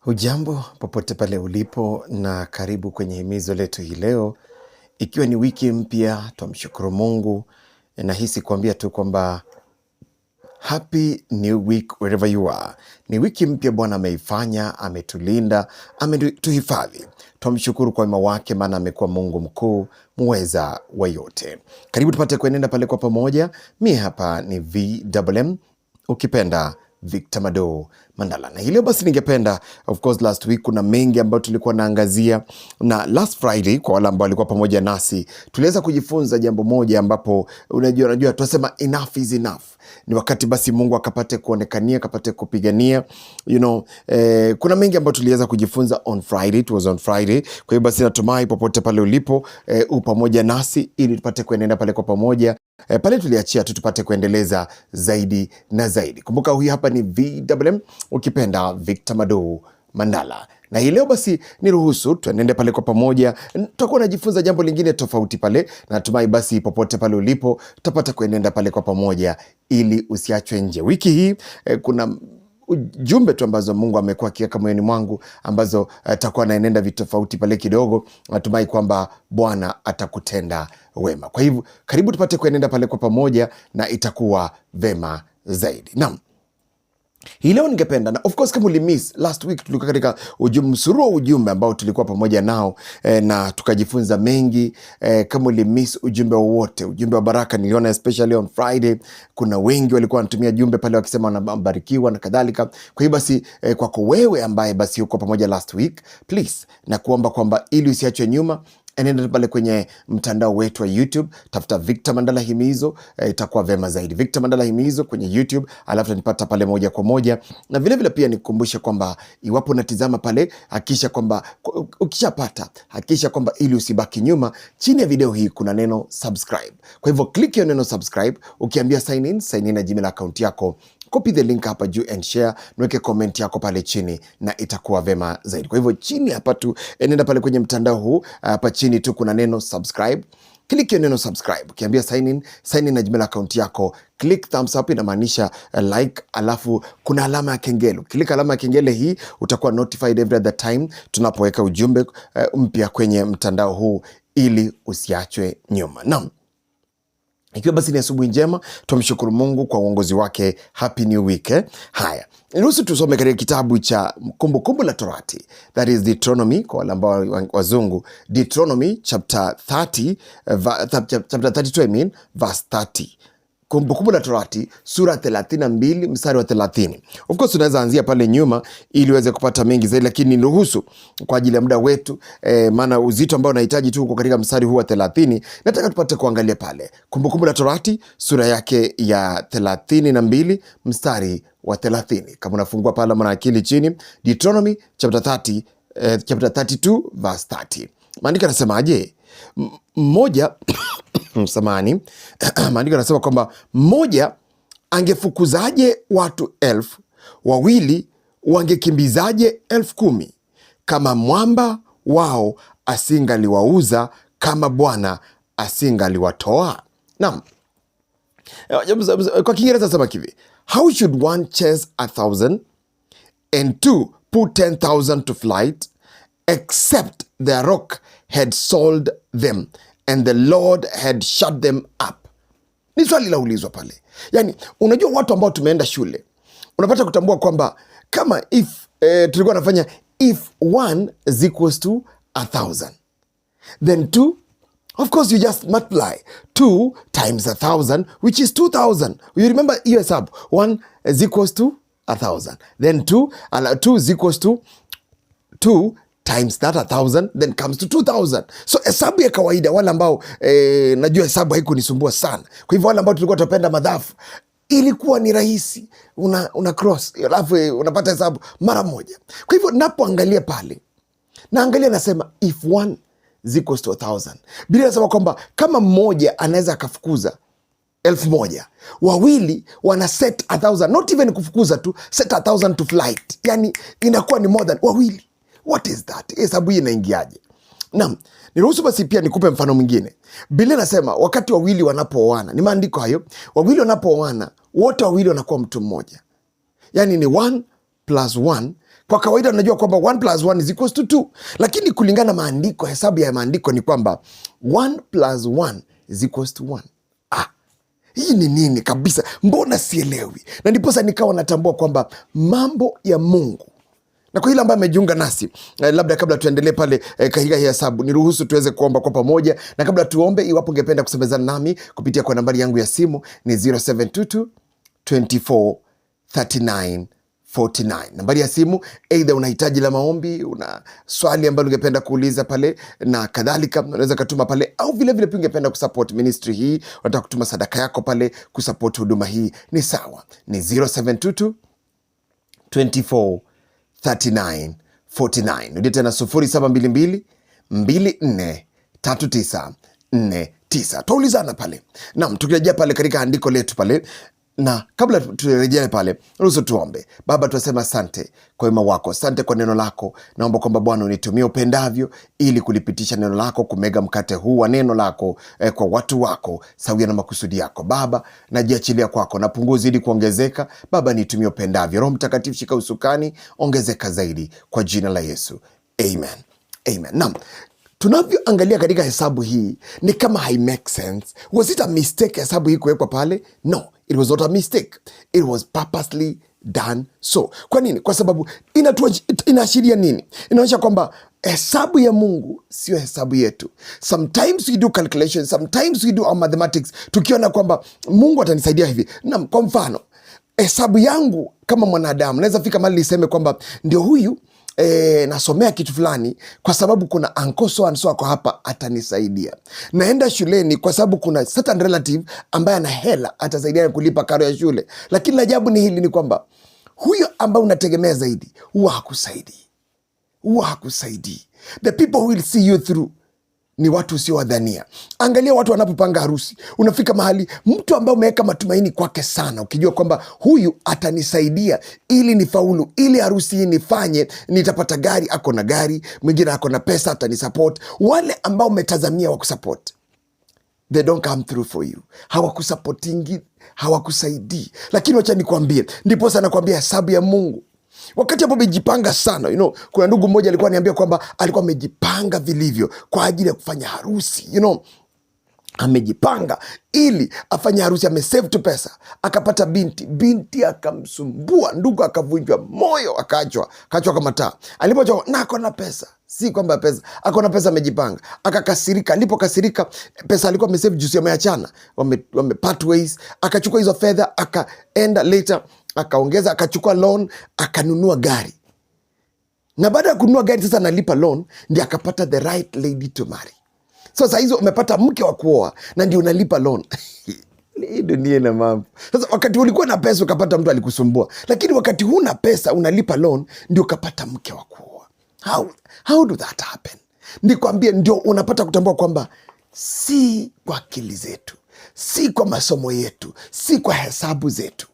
Hujambo popote pale ulipo na karibu kwenye himizo letu hii leo, ikiwa ni wiki mpya, twamshukuru Mungu. Nahisi kuambia tu kwamba happy new week wherever you are. Ni wiki mpya Bwana ameifanya, ametulinda, ametuhifadhi. Twamshukuru kwa wema wake, maana amekuwa Mungu mkuu mweza wa yote. Karibu tupate kuenenda pale kwa pamoja. mi hapa ni VMM ukipenda Victor Mado Mandala. Na hilo basi ningependa of course, last week kuna mengi ambayo tulikuwa naangazia, na last Friday kwa wale ambao walikuwa pamoja nasi tuliweza kujifunza jambo moja ambapo unajua, unajua tunasema enough is enough ni wakati basi Mungu akapate kuonekania, akapate kupigania you know, eh, kuna mengi ambayo tuliweza kujifunza on Friday, it was on Friday. Kwa hiyo basi natumai popote pale ulipo eh, u pamoja nasi ili tupate kuenenda pale kwa pamoja. E, pale tuliachia tu tupate kuendeleza zaidi na zaidi. Kumbuka, huyu hapa ni VMM, ukipenda Victor Madu Mandala na hii leo basi niruhusu tuenende pale kwa pamoja, tutakuwa najifunza jambo lingine tofauti pale. Natumai basi popote pale ulipo tutapata kuenenda pale kwa pamoja, ili usiachwe nje. Wiki hii eh, kuna jumbe tu ambazo Mungu amekuwa akiweka moyoni mwangu ambazo atakuwa eh, naenenda vitofauti pale kidogo. Natumai kwamba Bwana atakutenda wema. Kwa hivyo karibu tupate kuenenda pale kwa pamoja, na itakuwa vema zaidi. Naam. Hii leo ningependa na of course, kama ulimiss last week, tulikuwa katika ujumbe wa ujumbe ambao tulikuwa pamoja nao e, na tukajifunza mengi e, kama ulimiss ujumbe wowote, ujumbe wa baraka niliona especially on Friday, kuna wengi walikuwa wanatumia jumbe pale wakisema wanabarikiwa na kadhalika. Kwa hiyo basi e, kwako wewe ambaye basi uko pamoja last week, please na kuomba kwamba ili usiachwe nyuma nenda pale kwenye mtandao wetu wa YouTube, tafuta Victor Mandala Himizo, eh, itakuwa vema zaidi. Victor Mandala Himizo kwenye YouTube, alafu nipata pale moja kwa moja, na vile vile pia nikukumbushe kwamba iwapo unatizama pale, hakisha kwamba ukishapata, hakisha kwamba ili usibaki nyuma, chini ya video hii kuna neno subscribe. Kwa hivyo click hiyo neno subscribe, ukiambia sign in, sign in na jina la akaunti yako copy the link hapa juu and share, niweke comment yako pale chini na itakuwa vema zaidi. Kwa hivyo chini hapa tu, eh, nenda pale kwenye mtandao huu eh, hapa chini tu kuna neno subscribe. Click hiyo neno subscribe, ukiambia sign in, sign in na Gmail account yako. Click thumbs up inamaanisha eh, like, alafu kuna alama ya kengele. Click alama ya kengele hii, utakuwa notified every other time tunapoweka ujumbe uh, mpya kwenye mtandao huu ili usiachwe nyuma. Naam. Ikiwa basi ni asubuhi njema, tumshukuru Mungu kwa uongozi wake. Happy new week eh? Haya, niruhusu tusome katika kitabu cha Kumbukumbu kumbu la Torati, that is Deuteronomy kwa wale ambao wazungu, Deuteronomy chapter 30, eh, chapter 32 I mean, verse 30 Kumbukumbu la Torati sura 32 mstari wa 30. Of course unaweza anzia pale nyuma ili uweze kupata mengi zaidi, lakini niruhusu kwa ajili ya muda wetu eh, maana uzito ambao unahitaji tu uko katika mstari huu wa 30. Nataka tupate kuangalia pale Kumbukumbu la Torati sura yake ya 32 mstari wa 30. Kama unafungua pale mwana akili chini, Deuteronomy chapter 30, eh, chapter 32 verse 30. Maandiko yanasemaje? Mmoja msamani maandiko anasema kwamba mmoja angefukuzaje watu elfu, wawili wangekimbizaje elfu kumi kama mwamba wao asingaliwauza, kama Bwana asingaliwatoa. nam kwa Kiingereza sema kivi, how should one chase a thousand and two put ten thousand to flight except their rock had sold them and the Lord had shut them up. Ni swali laulizwa pale. Yani, unajua watu ambao tumeenda shule unapata kutambua kwamba kama if eh, tulikuwa nafanya if one is equals to a thousand then two of course you just multiply two times a thousand which is two thousand. You remember hiyo hesabu one is equals to a thousand then two two is equals to two times that a thousand then comes to two thousand So hesabu ya kawaida wale ambao eh, najua hesabu haikunisumbua sana. Kwa hivyo wale ambao tulikuwa tunapenda madhafu ilikuwa ni rahisi, una, una cross alafu eh, unapata hesabu mara moja. Kwa hivyo napoangalia pale naangalia nasema, if one equals to a thousand, Biblia nasema kwamba kama mmoja anaweza akafukuza elfu moja wawili wana set a thousand, not even kufukuza tu, set a thousand to flight, yani inakuwa ni more than wawili What is that? Hesabu eh, hii inaingiaje? Naam, niruhusu basi pia nikupe mfano mwingine. Biblia inasema wakati wawili wanapooana, ni maandiko hayo, wawili wanapooana wote wawili wanakuwa mtu mmoja, yaani ni one plus one. Kwa kawaida unajua kwamba one plus one is equals to two, lakini kulingana na maandiko, hesabu ya maandiko ni kwamba one plus one is equals to one. Ah, hii ni nini kabisa? Mbona sielewi? Na ndiposa nikawa natambua kwamba mambo ya Mungu na kwa ile ambaye amejiunga nasi eh, labda kabla tuendelee pale eh, katika hii hesabu, niruhusu tuweze kuomba kwa pamoja, na kabla tuombe, iwapo ungependa kusemezana nami kupitia kwa nambari yangu ya simu ni 0722 24 39 49 nambari ya simu. Aidha, unahitaji la maombi, una swali ambalo ungependa kuuliza pale na kadhalika, unaweza katuma pale, au vile vile pia ungependa kusupport ministry hii, unataka kutuma sadaka yako pale kusupport huduma hii, ni sawa, ni 0722 24 3949. Rudia tena 0722 24 Tuulizana pale. Naam, tukirejea pale katika andiko letu pale na kabla turejee pale, ruhusu tuombe. Baba, tunasema sante kwa wema wako, sante kwa neno lako. Naomba kwamba Bwana unitumie upendavyo, ili kulipitisha neno lako, kumega mkate huu wa neno lako eh, kwa watu wako sawia na makusudi yako. Baba, najiachilia kwako, napunguza ili kuongezeka. Baba, nitumie upendavyo. Roho Mtakatifu, shika usukani, ongezeka zaidi, kwa jina la Yesu, amen, amen. Naam, tunavyoangalia katika hesabu hii ni kama hai sense. Was it a mistake hesabu hii kuwekwa pale? No. It was not a mistake. It was purposely done so. Kwa nini? Kwa sababu inaashiria nini? Inaonyesha kwamba hesabu ya Mungu sio hesabu yetu. Sometimes we do calculation, sometimes we do our mathematics, tukiona kwamba Mungu atanisaidia hivi. Naam, kwa mfano hesabu yangu kama mwanadamu naweza fika mali niseme kwamba ndio huyu e, nasomea kitu fulani kwa sababu kuna anko so and so ako hapa atanisaidia. Naenda shuleni kwa sababu kuna certain relative ambaye ana hela atasaidia kulipa karo ya shule. Lakini la ajabu ni hili ni kwamba huyo ambaye unategemea zaidi huwa hakusaidii, huwa hakusaidii. The people will see you through ni watu usiowadhania. Angalia watu wanapopanga harusi, unafika mahali mtu ambaye umeweka matumaini kwake sana, ukijua kwamba huyu atanisaidia ili nifaulu, ili harusi hii nifanye, nitapata gari, ako na gari, mwingine ako na pesa, atanisupport. Wale ambao umetazamia wakusupport They don't come through for you, hawakusapotingi, hawakusaidii. Lakini wacha nikwambie, ndiposa nakwambia hesabu ya Mungu wakati ambao umejipanga sana. You know, kuna ndugu mmoja alikuwa aniambia kwamba alikuwa amejipanga vilivyo kwa ajili ya kufanya harusi you know, amejipanga ili afanye harusi, amesave tu pesa, akapata binti. Binti akamsumbua ndugu, akavunjwa moyo, akaachwa, kachwa kwa mataa. Alipoachwa na akona pesa, si kwamba pesa, akona pesa, amejipanga, akakasirika. Alipokasirika, pesa alikuwa amesave juu, ameachana, wame, wame part ways, akachukua hizo fedha akaenda later akaongeza, akachukua loan, akanunua gari, na baada ya kununua gari sasa analipa loan, ndio akapata the right lady to marry. Sasa hizo umepata mke wa kuoa na ndio unalipa loan hii dunia ina mambo. Sasa wakati ulikuwa na pesa ukapata mtu alikusumbua, lakini wakati huna pesa unalipa loan ndio ukapata mke wa kuoa. How, how do that happen? Nikwambie, ndio unapata kutambua kwamba si kwa akili zetu, si kwa masomo yetu, si kwa hesabu zetu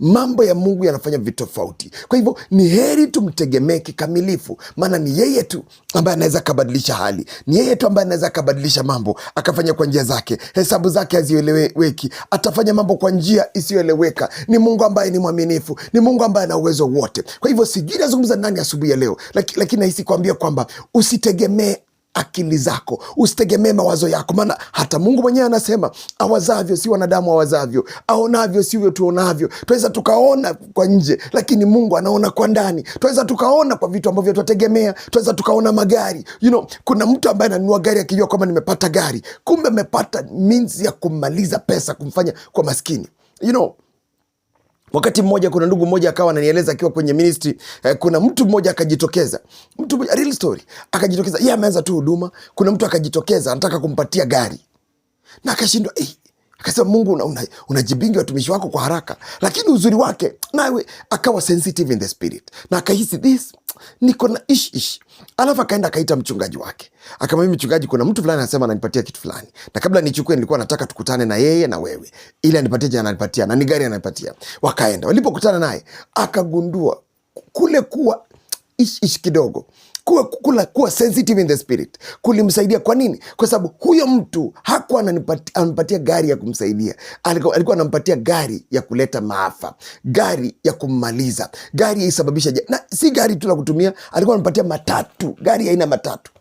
mambo ya Mungu yanafanya vitu tofauti. Kwa hivyo ni heri tumtegemee kikamilifu, maana ni yeye tu ambaye anaweza akabadilisha hali, ni yeye tu ambaye anaweza akabadilisha mambo, akafanya kwa njia zake. Hesabu zake hazieleweki, atafanya mambo kwa njia isiyoeleweka. Ni Mungu ambaye ni mwaminifu, ni Mungu ambaye ana uwezo wote. Kwa hivyo sijui nazungumza nani asubuhi ya leo, lakini laki nahisi kuambia kwamba usitegemee akili zako, usitegemee mawazo yako, maana hata Mungu mwenyewe anasema awazavyo si wanadamu awazavyo, aonavyo sivyo tuonavyo. Tunaweza tukaona kwa nje, lakini Mungu anaona kwa ndani. tunaweza tukaona kwa vitu ambavyo twategemea, tunaweza tukaona magari. You know, kuna mtu ambaye ananunua gari akijua kwamba nimepata gari, kumbe amepata means ya kumaliza pesa, kumfanya kwa maskini you know Wakati mmoja, kuna ndugu mmoja akawa ananieleza akiwa kwenye ministry eh, kuna mtu mmoja akajitokeza, mtu real story, akajitokeza yeye ameanza tu huduma. Kuna mtu akajitokeza anataka kumpatia gari na akashindwa eh, akasema Mungu unajibingi una watumishi wako kwa haraka, lakini uzuri wake nawe akawa sensitive in the spirit, na akahisi this niko na ish ish. Alafu akaenda akaita mchungaji wake, akamwambia mchungaji, kuna mtu fulani anasema ananipatia kitu fulani, na kabla nichukue nilikuwa nataka tukutane na yeye na wewe, ili anipatie jana, anipatia na ni gari ananipatia. Wakaenda, walipokutana naye akagundua kule kuwa ish ish kidogo kuwa, kula, kuwa sensitive in the spirit kulimsaidia. Kwa nini? Kwa sababu huyo mtu hakuwa anampatia gari ya kumsaidia, alikuwa anampatia gari ya kuleta maafa, gari ya kummaliza, gari ya isababisha na si gari tu la kutumia, alikuwa anampatia matatu, gari aina matatu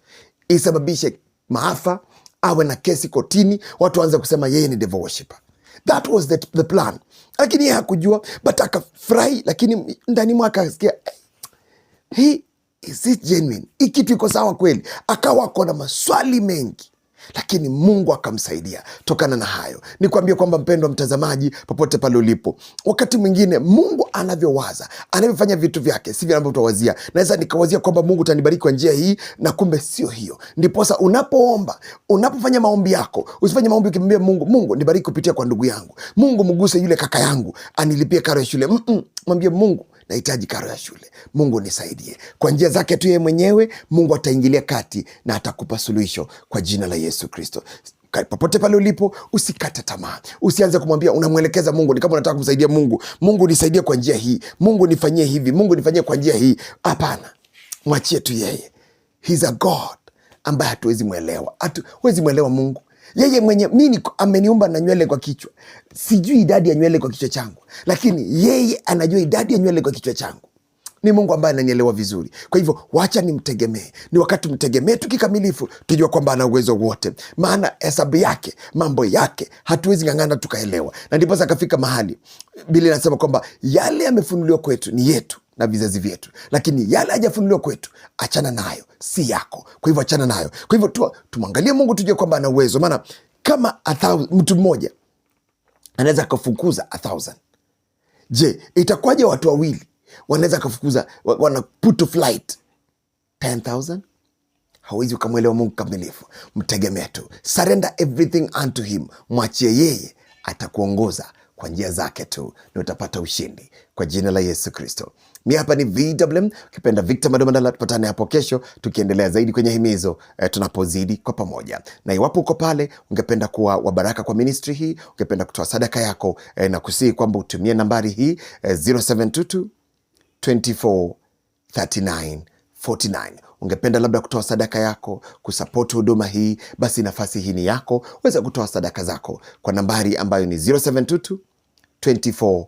isababishe maafa, awe na kesi kotini, watu waanze kusema yeye ni devil worshipper. That was the, the plan, lakini yeye hakujua, but akafurahi, lakini ndani mwake akasikia eh, hii is this genuine? Hii kitu iko sawa kweli? Akawa ako na maswali mengi lakini Mungu akamsaidia. Tokana na hayo, nikwambie kwamba mpendwa mtazamaji, popote pale ulipo, wakati mwingine Mungu anavyowaza, anavyofanya vitu vyake sivyo ambavyo tutawazia. Naweza nikawazia kwamba Mungu utanibariki kwa njia hii, na kumbe sio hiyo. Ndiposa unapoomba, unapofanya maombi yako, usifanye maombi ukimwambia Mungu, Mungu nibariki kupitia kwa ndugu yangu, Mungu mguse yule kaka yangu, anilipie karo ya shule. Mm -mm, mwambie Mungu nahitaji karo ya shule, Mungu nisaidie. Kwa njia zake tu yeye mwenyewe Mungu ataingilia kati na atakupa suluhisho kwa jina la Yesu Kristo. Popote pale ulipo, usikate tamaa, usianze kumwambia. Unamwelekeza Mungu, ni kama unataka kumsaidia Mungu, Mungu nisaidie kwa njia hii, Mungu nifanyie hivi, Mungu nifanyie kwa njia hii. Hapana, mwachie tu yeye. He's a God ambaye hatuwezi mwelewa, hatuwezi mwelewa Mungu yeye mwenye nini ameniumba na nywele kwa kichwa. Sijui idadi ya nywele kwa kichwa changu, lakini yeye anajua idadi ya nywele kwa kichwa changu. Ni Mungu ambaye ananielewa vizuri. Kwa hivyo, wacha nimtegemee. Ni wakati tu tukikamilifu, tujua kwamba ana uwezo wote, maana hesabu yake, mambo yake hatuwezi ng'ang'ana tukaelewa, na ndiposa akafika mahali Biblia inasema kwamba yale yamefunuliwa kwetu ni yetu na vizazi vyetu, lakini yale hajafunuliwa kwetu, achana nayo, si yako. Kwa hivyo achana nayo. Kwa hivyo tumwangalie Mungu, tujue kwamba ana uwezo, maana kama mtu mmoja anaweza akafukuza a thousand, je, itakuwaje watu wawili wanaweza akafukuza wana put to flight Hawezi ukamwelewa Mungu kamilifu. Mtegemea tu, surrender everything unto him, mwachie yeye, atakuongoza kwa njia zake tu na utapata ushindi kwa jina la Yesu Kristo. Mi hapa ni VMM, ukipenda Victor Mandala. Tupatane hapo kesho tukiendelea zaidi kwenye himizo eh, tunapozidi kwa pamoja. Na iwapo uko pale ungependa kuwa wabaraka kwa ministry hii, ungependa kutoa sadaka yako eh, na kusihi kwamba utumie nambari hii eh, 0722 24 39 49 ungependa labda kutoa sadaka yako kusapoti huduma hii, basi nafasi hii ni yako. Weza kutoa sadaka zako kwa nambari ambayo ni 0722 24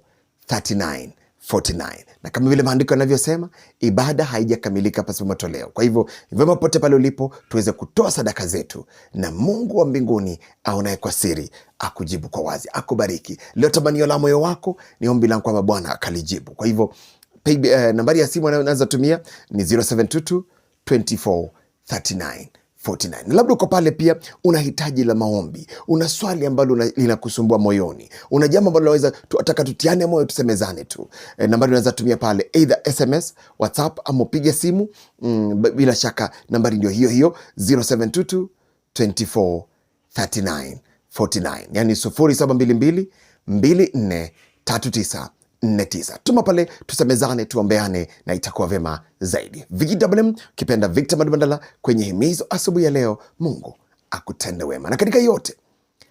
39 49. Na kama vile maandiko yanavyosema, ibada haijakamilika pasipo matoleo. Kwa hivyo vyema pote pale ulipo, tuweze kutoa sadaka zetu, na Mungu wa mbinguni aonaye kwa siri akujibu kwa wazi, akubariki. Leo tamanio la moyo wako ni ombi langu kwamba Bwana akalijibu. Kwa hivyo eh, nambari ya simu anazotumia ni 0722 24 39. 49. Labda uko pale pia una hitaji la maombi, una swali ambalo linakusumbua moyoni, una jambo ambalo unaweza tutaka tutiane moyo, tusemezane tu. E, nambari unaweza tumia pale either SMS, WhatsApp ama upige simu mm, bila shaka nambari ndio hiyo hiyo 0722 24 39 49, yani 0722 24 39 49. Tuma pale tusemezane, tuombeane na itakuwa vema zaidi. VMM kipenda Victor Mandala kwenye himizo asubuhi ya leo, Mungu akutende wema. Na katika yote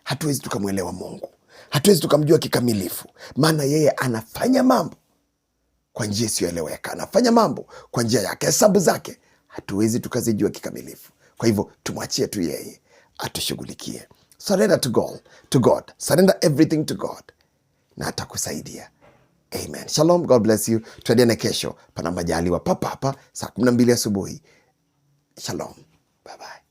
hatuwezi tukamwelewa Mungu, hatuwezi tukamjua kikamilifu, maana yeye anafanya mambo kwa njia isiyoeleweka, anafanya mambo kwa njia yake, hesabu zake hatuwezi tukazijua kikamilifu. Kwa hivyo tumwachie tu yeye atushughulikie. Surrender to God, to God. Surrender everything to God, na atakusaidia Amen. Shalom, God bless you. Tuadiane kesho pana majaliwa, papa hapa saa 12 asubuhi. Shalom, bye bye.